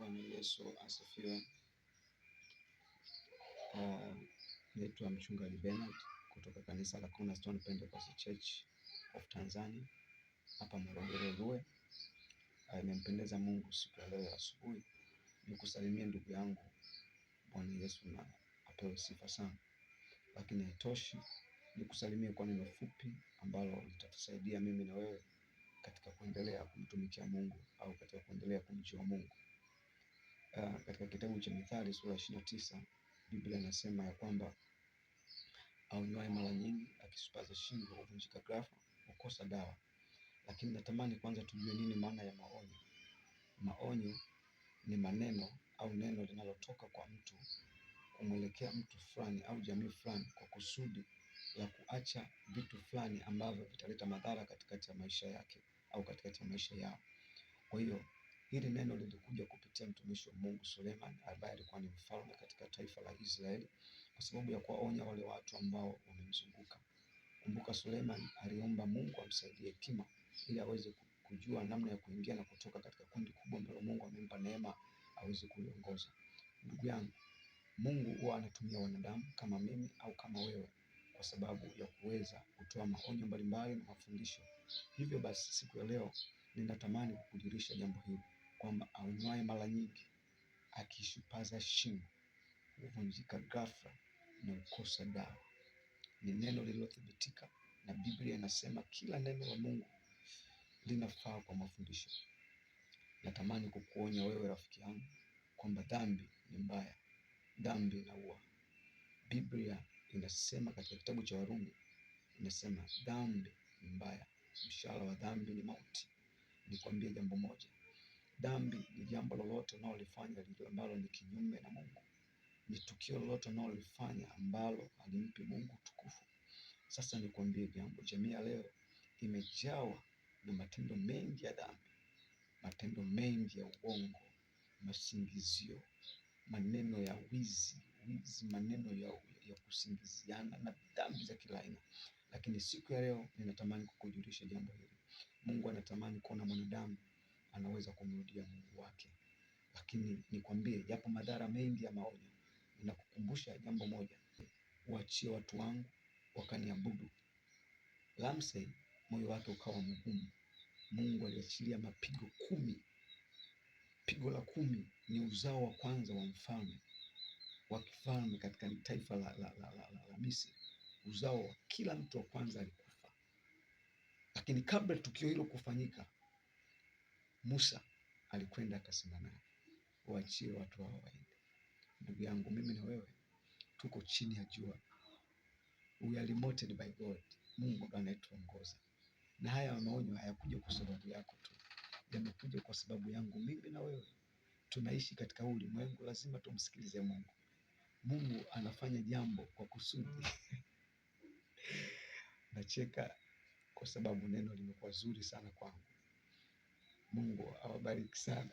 Bwana Yesu asifiwe. Ah, naitwa uh, mchungaji Bernard kutoka kanisa la Cornerstone Pentecostal Church of Tanzania hapa Morogoro Rue. Ah, imempendeza uh, Mungu siku ya leo asubuhi nikusalimie ndugu yangu. Bwana Yesu na apewe sifa sana, lakini haitoshi nikusalimie kwa neno fupi ambalo litatusaidia mimi na wewe katika kuendelea kumtumikia Mungu au katika kuendelea kumjua Mungu. Eh, katika kitabu cha Mithali sura ishirini na tisa Biblia inasema ya kwamba aunywaye mara nyingi akisupaza shingo huvunjika ghafla, hukosa dawa. Lakini natamani kwanza tujue nini maana ya maonyo. Maonyo ni maneno au neno linalotoka kwa mtu kumwelekea mtu fulani au jamii fulani kwa kusudi la kuacha vitu fulani ambavyo vitaleta madhara katikati ya maisha yake au katikati ya maisha yao. Kwa hiyo Hili neno lilikuja kupitia mtumishi wa Mungu Suleiman ambaye alikuwa ni mfalme katika taifa la Israeli kwa sababu ya kuwaonya wale watu ambao wamemzunguka. Kumbuka Suleiman aliomba Mungu amsaidie hekima ili aweze kujua namna ya kuingia na kutoka katika kundi kubwa ambalo Mungu amempa neema aweze kuliongoza. Ndugu yangu, Mungu huwa anatumia wanadamu kama mimi au kama wewe kwa sababu ya kuweza kutoa maonyo mbalimbali na mafundisho. Hivyo basi, siku ya leo ninatamani kukujulisha jambo hili kwamba aunywaye mara nyingi akishupaza shingo huvunjika ghafla na ukosa dawa. Ni neno lililothibitika na Biblia inasema kila neno la Mungu linafaa kwa mafundisho. Natamani kukuonya wewe rafiki yangu kwamba dhambi ni mbaya, dhambi inaua. Biblia inasema katika kitabu cha Warumi, inasema dhambi ni mbaya, mshahara wa dhambi ni mauti. Nikwambie jambo moja, Dhambi ni jambo lolote unalolifanya ambalo ni kinyume na Mungu, ni tukio lolote unalolifanya ambalo halimpi Mungu tukufu Sasa nikwambie jambo, jamii ya leo imejawa na matendo mengi ya dhambi, matendo mengi ya uongo, masingizio, maneno ya wizi wizi, maneno ya, ya kusingiziana na dhambi za kila aina. Lakini siku ya leo ninatamani kukujulisha jambo hili. Mungu anatamani kuona mwanadamu anaweza kumrudia Mungu wake. Lakini nikwambie, yapo madhara mengi ya maonyo. Ninakukumbusha jambo moja, uachie watu wangu wakaniabudu. Lamsey moyo wake ukawa mgumu, Mungu aliachilia mapigo kumi. Pigo la kumi ni uzao wa kwanza wa mfalme wa kifalme katika taifa la, la, la, la, la, la Misri. Uzao wa kila mtu wa kwanza alikufa, lakini kabla tukio hilo kufanyika Musa alikwenda akasema naye, waachie watu hao waende. Ndugu yangu, mimi na wewe tuko chini ya jua, we are remoted by God. Mungu ndo anayetuongoza, na haya maonyo hayakuja kwa sababu yako tu, yamekuja kwa sababu yangu mimi na wewe. Tunaishi katika ulimwengu, lazima tumsikilize Mungu. Mungu anafanya jambo kwa kusudi. Nacheka kwa sababu neno limekuwa zuri sana kwangu. Mungu awabariki sana.